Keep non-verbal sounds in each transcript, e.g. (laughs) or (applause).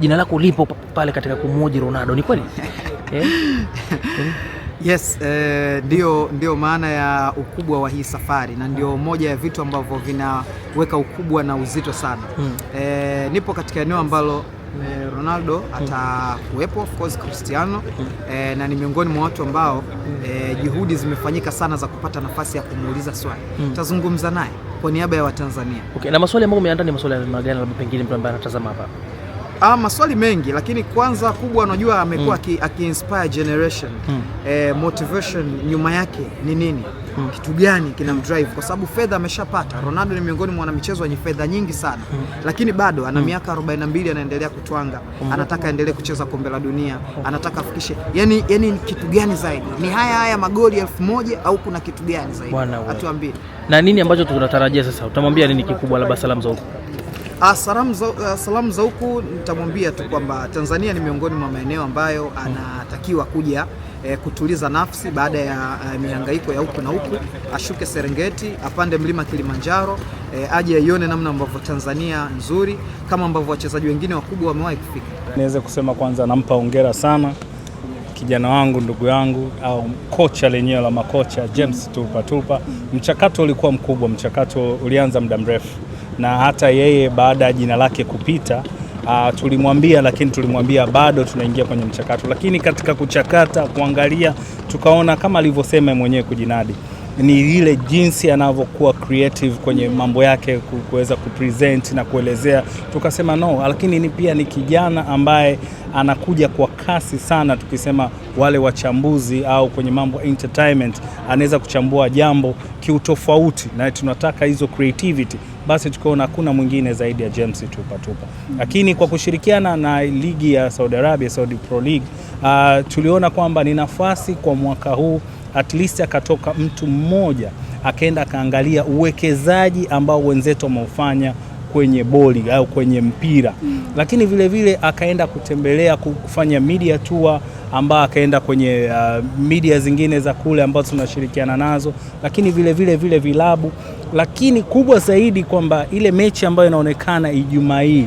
jina lako lipo pale katika kumwoji Ronaldo, ni kweli (laughs) eh? Yes, eh, ndio, ndio maana ya ukubwa wa hii safari na ndio moja ya vitu ambavyo vinaweka ukubwa na uzito sana hmm. Eh, nipo katika eneo ambalo eh, Ronaldo atakuwepo, of course Cristiano hmm. eh, na ni miongoni mwa watu ambao eh, juhudi zimefanyika sana za kupata nafasi ya kumuuliza swali. Hmm. Tazungumza naye kwa niaba ya Watanzania. Okay, na maswali ambayo umeandaa ni maswali ya gani, labda pengine mtu ambaye anatazama hapa Ah, maswali mengi lakini kwanza kubwa unajua amekuwa mm. aki generation mm. eh, motivation nyuma yake ni nini? Mm. Kitu gani kinamdrive? Kwa sababu fedha ameshapata. Ronaldo ni miongoni mwa wanamichezo wenye fedha nyingi sana mm. lakini bado ana hmm. miaka 42 anaendelea kutwanga mm. anataka aendelee kucheza kombe la dunia hmm. anataka afikishe, yani yani kitu gani zaidi? Ni haya haya magoli elfu moja au kuna kitu gani zaidi? Atuambie. Na nini ambacho tunatarajia sasa, utamwambia nini kikubwa, labda salamu za huko Ah, ah, salamu za huku nitamwambia tu kwamba Tanzania ni miongoni mwa maeneo ambayo anatakiwa kuja e, kutuliza nafsi baada ya e, mihangaiko ya huku na huku, ashuke Serengeti, apande mlima Kilimanjaro, e, aje aione namna ambavyo Tanzania nzuri kama ambavyo wachezaji wengine wakubwa wamewahi kufika. Niweze kusema kwanza, nampa hongera sana kijana wangu, ndugu yangu, au kocha lenyewe la makocha James Tupa. Mchakato ulikuwa mkubwa, mchakato ulianza muda mrefu na hata yeye baada ya jina lake kupita Uh, tulimwambia lakini tulimwambia bado tunaingia kwenye mchakato, lakini katika kuchakata kuangalia, tukaona kama alivyosema mwenyewe kujinadi, ni ile jinsi anavyokuwa creative kwenye mambo yake kuweza kupresent na kuelezea, tukasema no, lakini ni pia ni kijana ambaye anakuja kwa kasi sana. Tukisema wale wachambuzi au kwenye mambo entertainment, anaweza kuchambua jambo kiutofauti, na tunataka hizo creativity basi tukaona hakuna mwingine zaidi ya James Tupatupa. Lakini kwa kushirikiana na ligi ya Saudi Arabia, Saudi Pro League, uh, tuliona kwamba ni nafasi kwa mwaka huu at least akatoka mtu mmoja akaenda akaangalia uwekezaji ambao wenzetu wameufanya kwenye boli au kwenye mpira mm. Lakini vile vile akaenda kutembelea kufanya media tour ambao akaenda kwenye uh, media zingine za kule ambazo tunashirikiana nazo, lakini vile vile vile vilabu lakini kubwa zaidi kwamba ile mechi ambayo inaonekana Ijumaa hii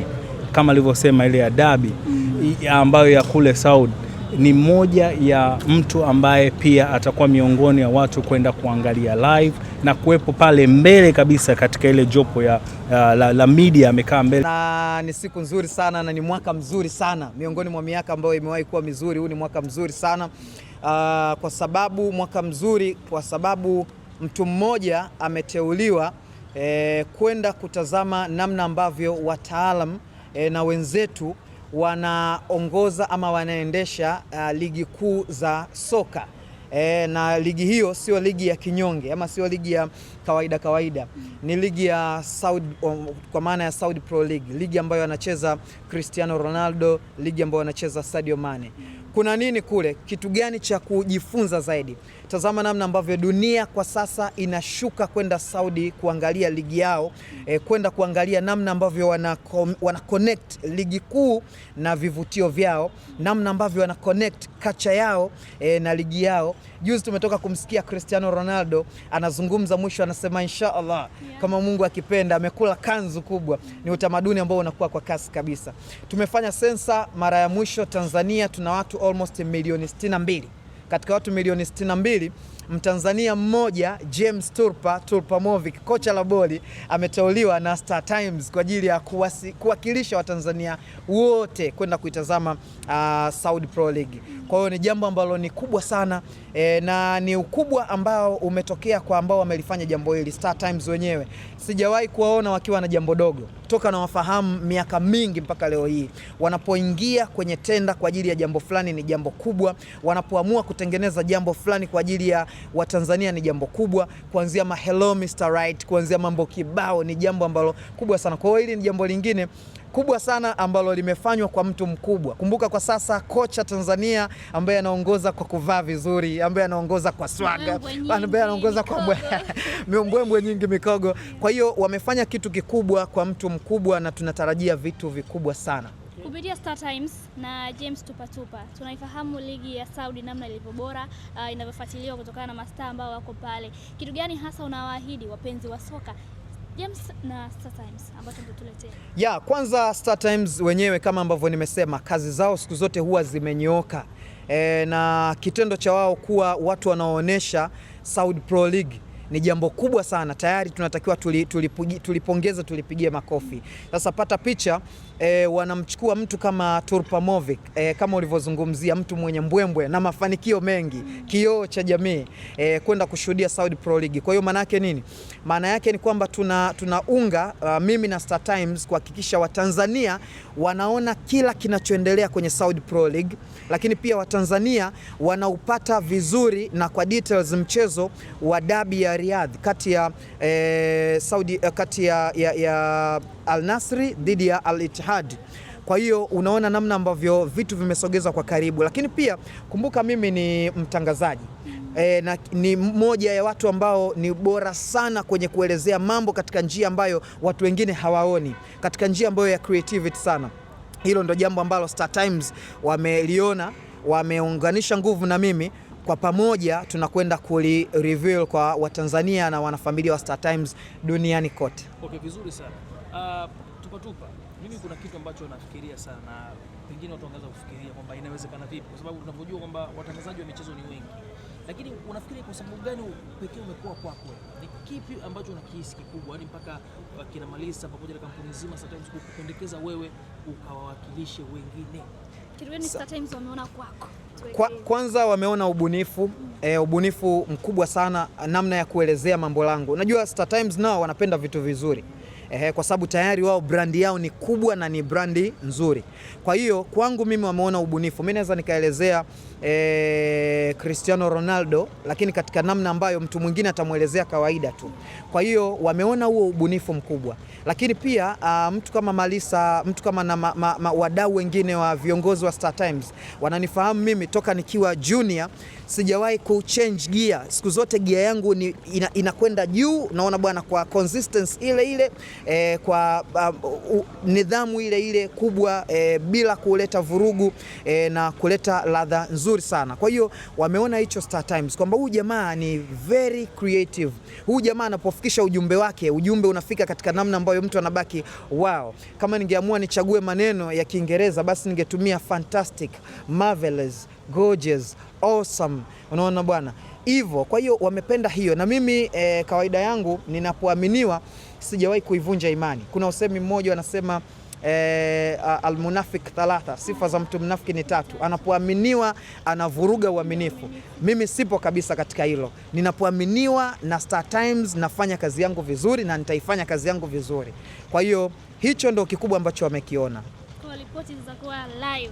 kama alivyosema ile ya dabi mm. ambayo ya kule Saudi ni moja ya mtu ambaye pia atakuwa miongoni ya watu kwenda kuangalia live na kuwepo pale mbele kabisa katika ile jopo ya, ya la, la media amekaa mbele. Na ni siku nzuri sana na ni mwaka mzuri sana miongoni mwa miaka ambayo imewahi kuwa mizuri. Huu ni mwaka mzuri sana uh, kwa sababu mwaka mzuri kwa sababu mtu mmoja ameteuliwa e, kwenda kutazama namna ambavyo wataalam e, na wenzetu wanaongoza ama wanaendesha a, eh, ligi kuu za soka. E, na ligi hiyo sio ligi ya kinyonge ama sio ligi ya kawaida kawaida, ni ligi ya Saudi, um, kwa maana ya Saudi Pro League, ligi ambayo anacheza Cristiano Ronaldo, ligi ambayo anacheza Sadio Mane kuna nini kule, kitu gani cha kujifunza zaidi. Tazama namna ambavyo dunia kwa sasa inashuka kwenda Saudi kuangalia ligi yao eh, kwenda kuangalia namna ambavyo wana, wana connect ligi kuu na vivutio vyao, namna ambavyo wana connect kacha yao eh, na ligi yao. Juzi tumetoka kumsikia Cristiano Ronaldo anazungumza, mwisho anasema inshallah, yeah. kama Mungu akipenda, amekula kanzu kubwa. Ni utamaduni ambao unakuwa kwa kasi kabisa. Tumefanya sensa mara ya mwisho Tanzania, tuna watu almost milioni 62 katika watu milioni 62 Mtanzania mmoja James Turpa Turpamovic, kocha la boli, ameteuliwa na Star Times kwa ajili ya kuwasi, kuwakilisha Watanzania wote kwenda kuitazama uh, Saudi Pro League. Kwa hiyo ni jambo ambalo ni kubwa sana e, na ni ukubwa ambao umetokea kwa ambao wamelifanya jambo hili Star Times wenyewe. Sijawahi kuwaona wakiwa na jambo dogo toka na wafahamu miaka mingi mpaka leo hii, wanapoingia kwenye tenda kwa ajili ya jambo fulani ni jambo kubwa, wanapoamua kutengeneza jambo fulani kwa ajili ya Watanzania ni jambo kubwa, kuanzia ma hello Mr Right, kuanzia mambo kibao, ni jambo ambalo kubwa sana. Kwa hiyo hili ni jambo lingine kubwa sana ambalo limefanywa kwa mtu mkubwa. Kumbuka kwa sasa kocha Tanzania ambaye anaongoza kwa kuvaa vizuri, ambaye anaongoza kwa swaga, ambaye anaongoza kwa miumbwembwe (laughs) nyingi, mikogo. Kwa hiyo wamefanya kitu kikubwa kwa mtu mkubwa, na tunatarajia vitu vikubwa sana. Kupitia Star Times na James Tupatupa tunaifahamu ligi ya Saudi namna ilivyo bora, uh, inavyofuatiliwa kutokana na mastaa ambao wako pale. Kitu gani hasa unawaahidi wapenzi wa soka James na Star Times ambacho mtutuletea? Ya, kwanza Star Times wenyewe kama ambavyo nimesema kazi zao siku zote huwa zimenyooka. E, na kitendo cha wao kuwa watu wanaoonyesha Saudi Pro League ni jambo kubwa sana, tayari tunatakiwa tulipongeza, tulipigie makofi. Sasa pata picha e, wanamchukua mtu kama Turpamovic e, kama ulivyozungumzia mtu mwenye mbwembwe na mafanikio mengi, kioo cha jamii e, kwenda kushuhudia Saudi Pro League. Kwa hiyo maana yake nini? Maana yake ni kwamba tuna tunaunga uh, mimi na Star Times kuhakikisha Watanzania wanaona kila kinachoendelea kwenye Saudi Pro League, lakini pia Watanzania wanaupata vizuri na kwa details mchezo wa dabi ya Riyadh kati ya eh, Saudi eh, kati ya, ya, ya Al Nasri dhidi ya Al Ittihad. Kwa hiyo unaona namna ambavyo vitu vimesogezwa kwa karibu, lakini pia kumbuka mimi ni mtangazaji E, na, ni moja ya watu ambao ni bora sana kwenye kuelezea mambo katika njia ambayo watu wengine hawaoni, katika njia ambayo ya creativity sana. Hilo ndo jambo ambalo Star Times wameliona, wameunganisha nguvu na mimi kwa pamoja tunakwenda kuli reveal kwa Watanzania na wanafamilia wa Star Times duniani kote. Okay, vizuri sana. Uh, ah, tupatupa mimi kuna kitu ambacho nafikiria sana na pengine watu wanaweza kufikiria kwamba inawezekana vipi, kwa sababu tunavyojua kwamba watangazaji wa michezo ni wengi, lakini unafikiria kwa sababu gani pekee umekuwa kwako? Ni kipi ambacho unakihisi kikubwa, Yaani mpaka uh, kinamalisa pamoja na kampuni nzima Star Times kukupendekeza wewe ukawawakilishe wengine? Kwa, kwanza wameona ubunifu mm. E, ubunifu mkubwa sana namna ya kuelezea mambo langu. Najua Star Times nao wanapenda vitu vizuri ehe, kwa sababu tayari wao brandi yao ni kubwa na ni brandi nzuri. Kwa hiyo kwangu mimi wameona ubunifu. Mimi naweza nikaelezea e, Cristiano Ronaldo, lakini katika namna ambayo mtu mwingine atamwelezea kawaida tu. Kwa hiyo wameona huo ubunifu mkubwa, lakini pia a, ah, mtu kama Malisa, mtu kama na ma, ma, ma, wadau wengine wa viongozi wa Star Times wananifahamu mimi toka nikiwa junior, sijawahi ku change gear. Siku zote gear yangu ni, ina, inakwenda juu, naona bwana, kwa consistency ile ile e, kwa uh, nidhamu ile ile kubwa e, bila kuleta vurugu e, na kuleta ladha nzuri sana. Kwa hiyo wameona hicho Star Times kwamba huyu jamaa ni very creative. Huyu jamaa anapofikisha ujumbe wake, ujumbe unafika katika namna ambayo mtu anabaki wow. Kama ningeamua nichague maneno ya Kiingereza basi ningetumia fantastic, marvelous, gorgeous, awesome. Unaona bwana hivyo. Kwa hiyo wamependa hiyo, na mimi e, kawaida yangu ninapoaminiwa sijawahi kuivunja imani. Kuna usemi mmoja anasema eh, almunafik thalatha, sifa za mtu mnafiki ni tatu. Anapoaminiwa anavuruga uaminifu. Mimi sipo kabisa katika hilo. Ninapoaminiwa na Star Times nafanya kazi yangu vizuri na nitaifanya kazi yangu vizuri. Kwa hiyo hicho ndo kikubwa ambacho wamekiona. Kwa ripoti live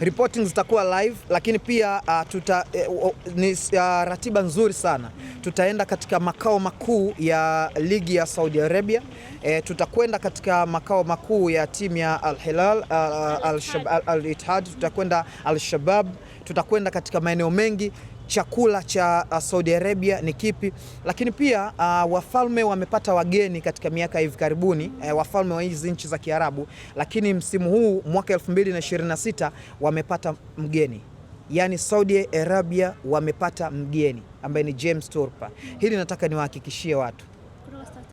reporting zitakuwa live, lakini pia uh, tuta, uh, ni uh, ratiba nzuri sana. Tutaenda katika makao makuu ya ligi ya Saudi Arabia. E, tutakwenda katika makao makuu ya timu ya Al Hilal, uh, Al Ittihad, tutakwenda Al Shabab, tutakwenda katika maeneo mengi chakula cha uh, Saudi Arabia ni kipi, lakini pia uh, wafalme wamepata wageni katika miaka hivi karibuni uh, wafalme wa hizi nchi za Kiarabu, lakini msimu huu mwaka 2026 wamepata mgeni yaani Saudi Arabia wamepata mgeni ambaye ni James Turpa. Hili nataka niwahakikishie watu